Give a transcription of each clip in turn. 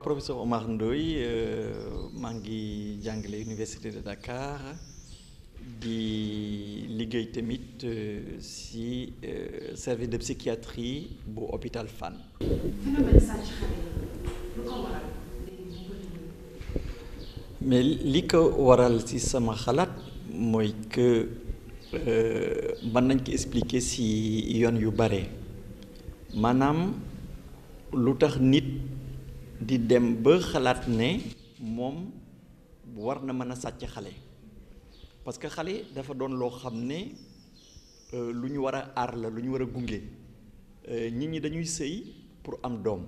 professeur Omar Ndoye euh, Mangi ngi jàngale université de Dakar dit liggéey tamit euh, si euh, service de psychiatrie au hôpital Fan. mais ce ko waral ci sama c'est que. Euh, man nañ ko expliquer ci yoon yu bare maanaam lu tax nit di dem ba xalaat ne moom war na mën a sàcc xale parce que xale dafa doon loo xam ne euh, lu ñu war a aar la lu ñu war a gunge euh, nit ñi dañuy sëy pour am doom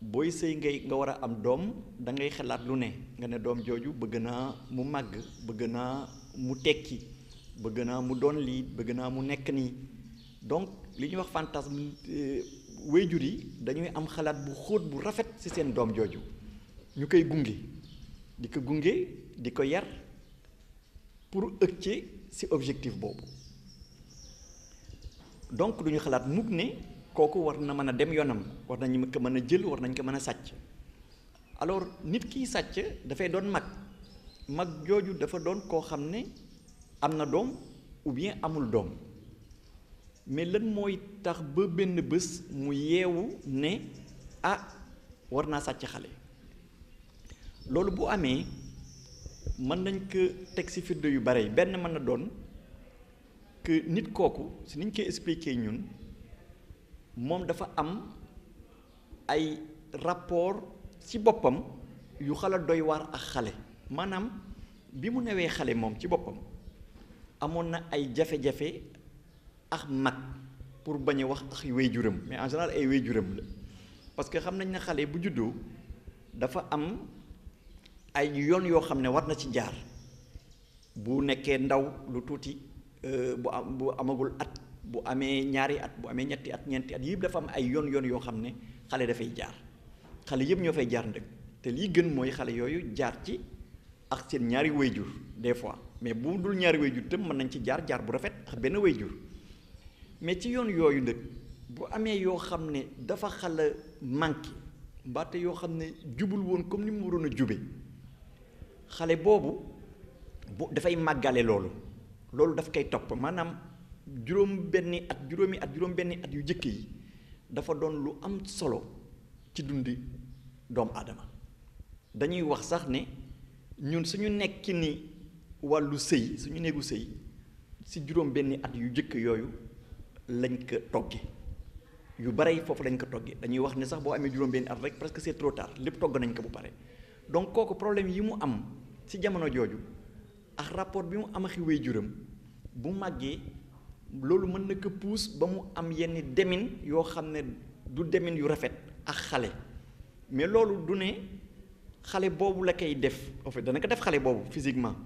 booy sëy ngay nga war a am doom da ngay xalaat lu ne nga ne doom jooju bëgg naa mu màgg bëgg naa mu tekki bëgg naa mu doon lii bëgg naa mu nekk nii donc li ñuy wax fantasme euh, wéyjur yi dañuy am xalaat bu xóot bu rafet ci seen doom jooju ñu koy gunge di ko gunge di ko yar pour ëg ci ci objectif boobu donc duñu xalaat mug ne kooku war na mën a dem yoonam war nañu ko mën a jël war nañ ko mën a sàcc alors nit kiy sàcc dafay doon mag mag jooju dafa doon koo xam ne am na doom ou bien amul doom mais lan mooy tax ba benn bés mu yeewu ne ah war naa sàcc xale loolu bu amee mën nañ ko teg ci firnde yu bare benn man na doon que nit kooku si niñ koy expliquer ñun moom dafa am ay rapport ci boppam yu xala doy war ak xale maanaam bi mu newee xale moom ci boppam amoon na ay jafe-jafe ak mag pour bañ a wax ak waajuram mais en général ay waajuram la parce que xam nañ ne xale bu juddoo dafa am ay yoon yoo xam ne war na ci jaar bu nekkee ndaw lu tuuti euh, bu am bu amagul at bu amee ñaari at bu amee ñetti at ñeenti at yëpp dafa am ay yoon yoon yoo xam ne xale dafay jaar xale yëpp ñoo fay jaar ndëkk te lii gën mooy xale yooyu jaar ci ak seen ñaari waajur des fois mais bu dul ñaari wayjur tam mën nañ ci jaar jaar bu rafet ak benn wayjur mais ci yoon yooyu nag bu amee yoo xam ne dafa xal a manqué mbaate yoo xam ne jubul woon comme ni mu waroon a jube xale boobu bu dafay màggale loolu loolu daf koy topp maanaam juróom benni at juróomi at juróom benni at yu jëkk yi dafa doon lu am solo ci dundi doomu aadama dañuy wax sax ne ñun suñu nekki ni wàllu sëy suñu néegu sëy si juróom benni at yu jëkk yooyu lañ ko togge yu bare foofu lañ ko togge dañuy wax ne sax boo amee juróom benni at rek parce que c'est trop tard lépp togg nañ ko bu pare donc kooku problème yi mu am ci jamono jooju ak rapport bi mu am ak waajuram bu màggee loolu mën na ko puus ba mu am yenn demin yoo xam ne du demin yu rafet ak xale mais loolu du ne xale boobu la koy def en dana ko def xale boobu physiquement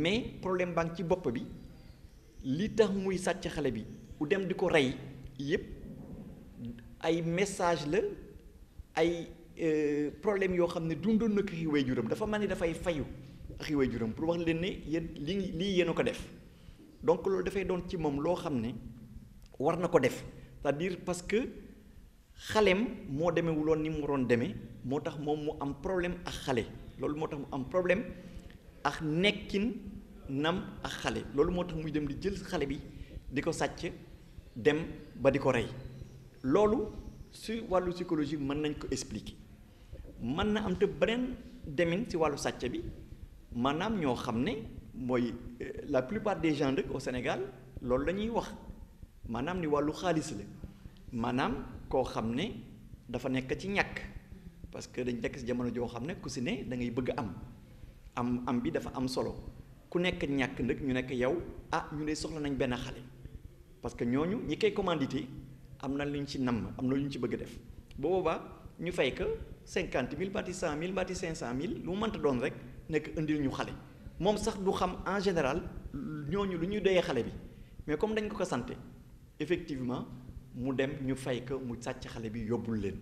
mais problème baa ci bopp bi li tax muy sàcc xale bi u dem di ko rey yépp ay message la ay euh, problème yoo xam ne dundoon na ko xi way juróom dafa man ni dafay fayu xi way juróom pour wax leen ne yéen li lii yéen a ko def donc loolu dafay doon ci moom loo xam ne war na ko def c'est-à-dire parce que xalem moo demewuloon ni mu waroon demee moo tax moom mu am problème ak xale loolu moo tax mu am problème ak nekkin nam ak xale loolu moo tax muy dem di jël xale bi di ko sàcc dem ba di ko rey loolu si wàllu psychologie mën nañ ko expliquer mën na am te beneen demin ci wàllu sàcc bi maanaam ñoo xam ne mooy euh, la plupart des gens rek au Sénégal loolu lañuy wax maanaam ni wàllu xaalis la maanaam koo xam ne dafa nekk ci ñàkk parce que dañ nekk si jamono joo xam ne ku si ne da ngay bëgg am am am bi dafa am solo ku nekk ñàkk nag ñu nekk yow ah ñu ne soxla nañ benn xale parce que ñooñu ñi koy commandité am na lu ñu ci namm am na lu ñu ci bëgg def bu boobaa ñu fey ko cinquante mille baati cent mille baati cinq cent mille lu mu mënta doon rek nekk indi ñu xale moom sax du xam en général ñooñu lu ñuy doyee xale bi mais comme dañ ko ko santé effectivement mu dem ñu fay ko mu sàcc xale bi yóbbul leen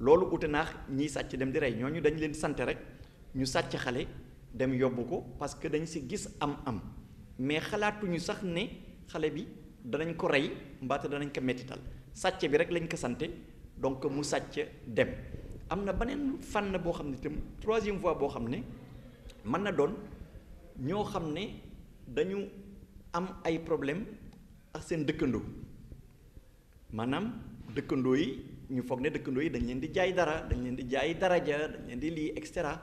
loolu ute naax ñiy sàcc dem di rey ñooñu dañ leen sante rek. ñu sàcc xale dem yóbbu ko parce que dañ si gis am-am mais xalaatuñu sax ne xale bi danañ ko rey mbaate danañ ko mettital sàcc bi rek lañ ko sante donc mu sàcc dem am na beneen na boo xam ne itam troisième fois boo xam ne mën na doon ñoo xam ne dañu am ay problème ak seen dëkkandoo maanaam dëkkandoo yi ñu foog ne dëkkandoo yi dañ leen di jaay dara dañ leen di jaay daraja dañ leen di lii et cetera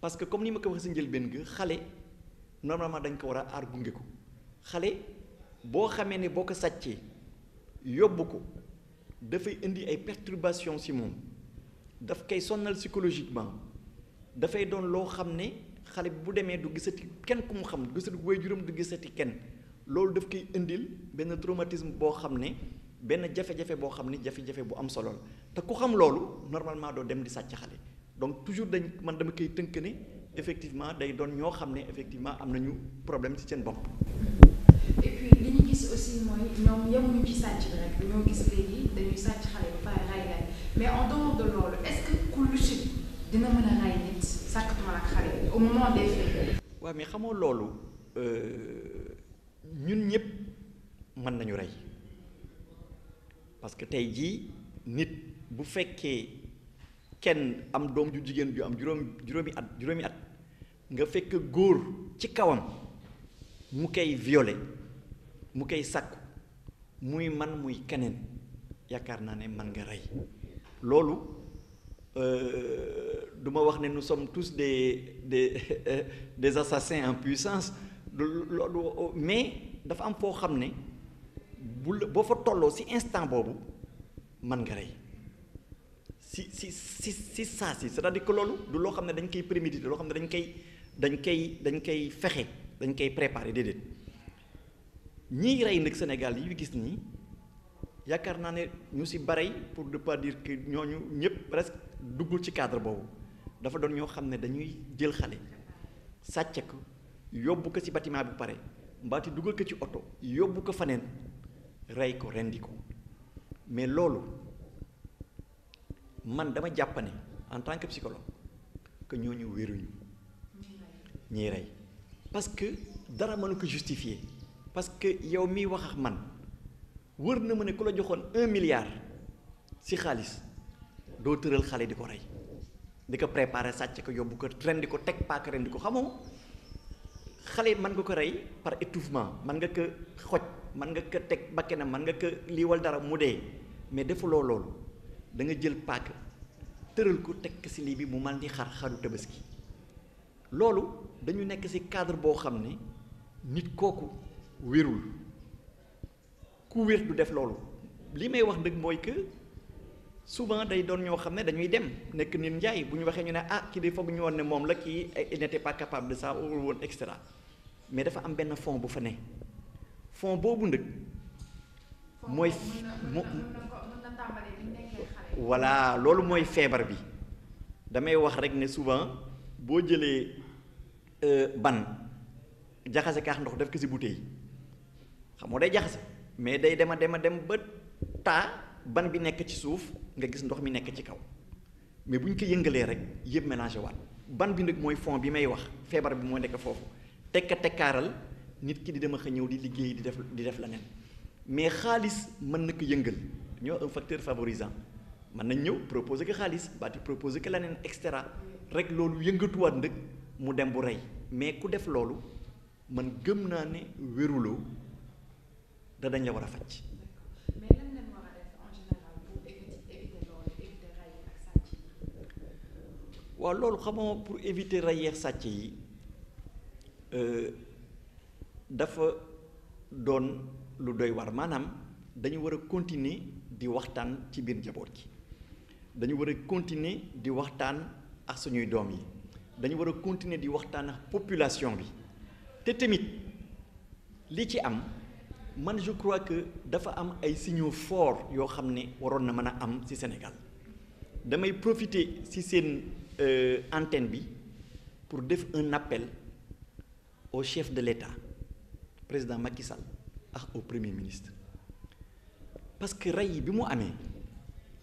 parce que comme ni ma ko waxee sa njëlbéen ga xale normalement dañ ko war a aar gunge ko xale boo xamee ne boo ko sàccee yóbbu ko dafay indi ay perturbations ci moom daf koy sonnal psychologiquement dafay doon loo xam ne xale bu demee du gisati kenn ku mu xam du gisati juróom du gisati kenn loolu daf koy indil benn traumatisme boo xam ne benn jafe-jafe boo xam ne jafe-jafe bu am solo la te ku xam loolu normalement doo dem di sàcc xale. donc toujours dañ man dama effectivement day doon effectivement problème ci et puis li ñu gis aussi ci rek gis légui dañuy xalé ba ray mais en dehors de lolo, est-ce que couluche dina mëna ray nit au moment des faits. Oui, mais xamoo loolu euh, ñun nañu parce que tay ji nit bu kenn am doom ju jigéen ju am juróom juróomi at juróomi at nga fekk góor ci kawam mu koy violé mu koy sàkku muy man muy keneen yaakaar naa ne man nga rey loolu euh, du ma wax ne nous sommes tous des des des assassins en puissance loolu mais dafa am foo xam ne bu boo fa tolloo ci instant boobu man nga rey ci si si ci saa si c'est-à-dire que loolu du loo xam ne dañ koy préméditer loo xam ne dañ koy dañ koy dañ koy fexe dañ koy préparer déedéet ñiy rey nag Sénégal yi gis nii yaakaar naa ne ñu si barey pour ne pas dire que ñooñu ñëpp presque duggul ci cadre boobu dafa doon ñoo xam ne dañuy jël xale sàcc ko yóbbu ko si bâtiment bi pare mbaati dugal ko ci oto yóbbu ko faneen rey ko rendi ko mais loolu. man dama jàpp en tant que psychologue que ñooñu wéruñu ñiy rey parce que dara mënu ko justifier parce que yow mii wax ak man wër na ma ne ku la joxoon un milliard si xaalis doo tëral xale di ko rey di ko préparer sàcc ko yóbbu ko ren di ko teg paaka ren di ko xamoo xale mën nga ko rey par étouffement man nga ko xoj mën nga ko teg bakkenam mën nga ko liiwal dara mu dee mais defuloo loolu da nga jël paaka tëral ko teg ci lii bi mu mel di xar xaru tabaski loolu dañu nekk ci cadre boo xam ne nit kooku wérul ku wér du def loolu li may wax dëgg mooy que souvent day doon ñoo xam ne dañuy dem nekk nit njaay bu ñu waxee ñu ne ah kii de foog ñu ne moom la kii eh, il n'était pas capable de ça wala woon et mais dafa am benn fond bu fa ne fond boobu ndëg mooy mu voilà loolu mooy feebar bi damay wax rek ne souvent boo jëlee euh, ban jaxase kaax ndox def ko ci bouteille xam nga day jaxase mais day dema dema dem ba taa ban bi nekk ci suuf nga gis ndox mi nekk ci kaw mais bu ñu ko yëngalee rek yëpp mélangé waat ban bi nag mooy fond bi may wax feebar bi moo nekk foofu tekka tekkaaral nit ki di dem ak ñëw di liggéey di def di def leneen mais xaalis mën na ko yëngal ñoo un facteur favorisant mën nañ ñëw proposer que xaalis baati proposer que leneen et cetera rek loolu yëngatuwaat ndëg mu dem bu rey mais ku def loolu man gëm naa ne wéruloo da dañ la war a faj. waaw loolu xamoo pour éviter rayeex sàcc yi euh, dafa doon lu doy war maanaam dañu war a continuer di waxtaan ci biir njaboot gi dañu war a continuer di waxtaan ak suñuy doom yi dañu war a continuer di waxtaan ak population bi te tamit li ci am man je crois que dafa am ay signaux forts yoo xam ne waroon na mën a am ci Sénégal damay profiter ci seen euh, antenne bi pour def un appel au chef de l'État président Macky Sall ak au premier ministre parce que rey bi mu amee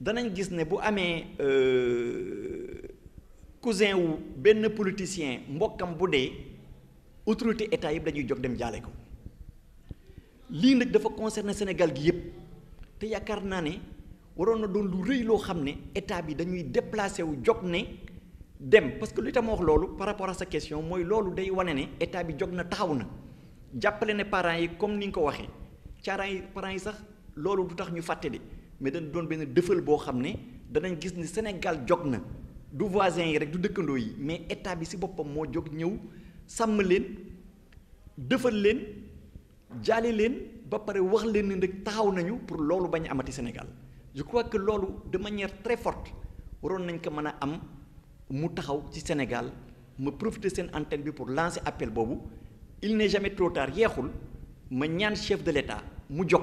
danañ gis ne bu amee euh, cousin wu benn politicien mbokam bu dee autorité état yëpp dañuy jóg dem jaale ko lii nag dafa concerner Sénégal gi yëpp te yaakaar naa ne waroon na doon lu rëy loo xam ne état bi dañuy déplacé wu jóg ne dem parce que lu itam wax loolu par rapport à sa question mooy loolu day wane ne état bi jóg na taxaw na jàppale ne parents yi comme ni nga ko waxee caaraan yi parents yi sax loolu du tax ñu fàtte de mais dañ doon benn dëfal boo xam ne danañ gis ni Sénégal jog na du voisins yi rek du dëkkandoo yi mais état bi si boppam moo jog ñëw sàmm leen dëfal leen jaale leen ba pare wax leen ne nag taxaw nañu pour loolu bañ amati Sénégal je crois que loolu de manière très forte waroon nañ ko mën a am mu taxaw ci Sénégal ma profiter seen antenne bi pour lancer appel boobu il n'est jamais yeexul ma ñaan chef de l'État mu jóg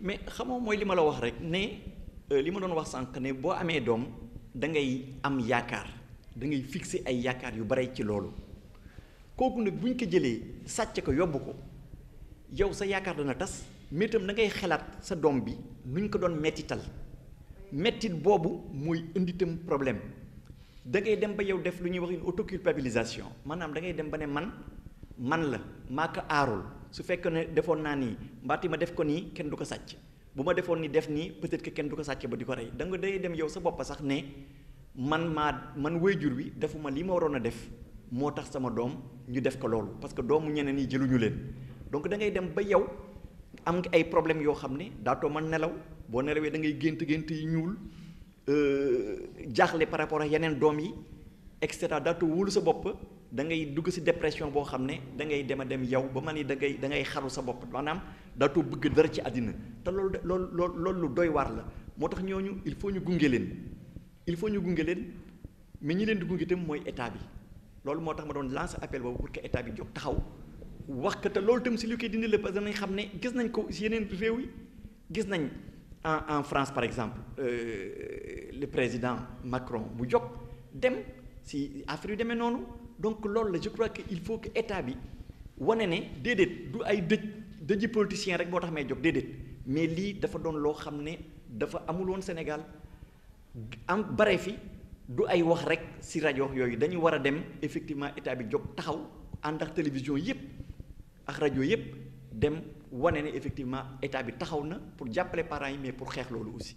mais xamoo mooy li ma la wax rek ne euh, li ma doon wax sànq ne boo amee doom da ngay am yaakaar da ngay fixer ay yaakaar yu bare ci loolu kooku nag bu ñu ko jëlee sàcc ko yóbbu ko yow sa yaakaar dana tas mais itam da ngay xalaat sa doom bi nu ñu ko doon mettital mettit boobu mooy indi problème da ngay dem ba yow def lu ñuy wax une autoculpabilisation maanaam da ngay dem ba ne man man la maa ko aarul su fekkee ne defoon naa nii mbaati ma def ko nii kenn du ko sàcc bu ma defoon ni def nii peut-être que kenn du ko sàcc ba di ko rey da nga day dem yow sa bopp sax ne man maa man waajur wi defuma li ma waroon a def moo tax sama doom ñu def ko loolu parce que doomu ñeneen yi jëluñu leen donc da ngay dem ba yow am nga ay problème yoo xam ne daatoo man nelaw boo nelawee da ngay gént gént yi ñuul euh, jaaxle par rapport ak yeneen doom yi et cetera daatoo wóolu sa bopp da ngay dugg ci dépression boo xam ne da ngay dem a dem yow ba ma ni da ngay da ngay xaru sa bopp maanaam daatoo bëgg dara ci àddina te loolu loolu loolu lu doy war la moo tax ñooñu il faut ñu gunge leen il faut ñu gunge leen mais ñi leen di gunge itam mooy état bi loolu moo tax ma doon lancer appel boobu pour que état bi jóg taxaw wax que te loolu itam ci li koy dindi la parce que nañ xam ne gis nañ ko ci yeneen réew yi gis nañ en en France par exemple euh, le président Macron bu jóg dem ci affaire yu demee noonu. donc loolu la je crois il faut que état bi wane ne déedéet du ay dëj dëji politicien rek boo tax may jóg déedéet mais lii dafa doon loo xam ne dafa amul woon Sénégal am bare fi du ay wax rek ci rajoo yooyu dañu war a dem effectivement état bi jóg taxaw ànd ak télévision yépp ak rajo yépp dem wane ne effectivement état bi taxaw na pour jàppale parents yi mais pour xeex loolu aussi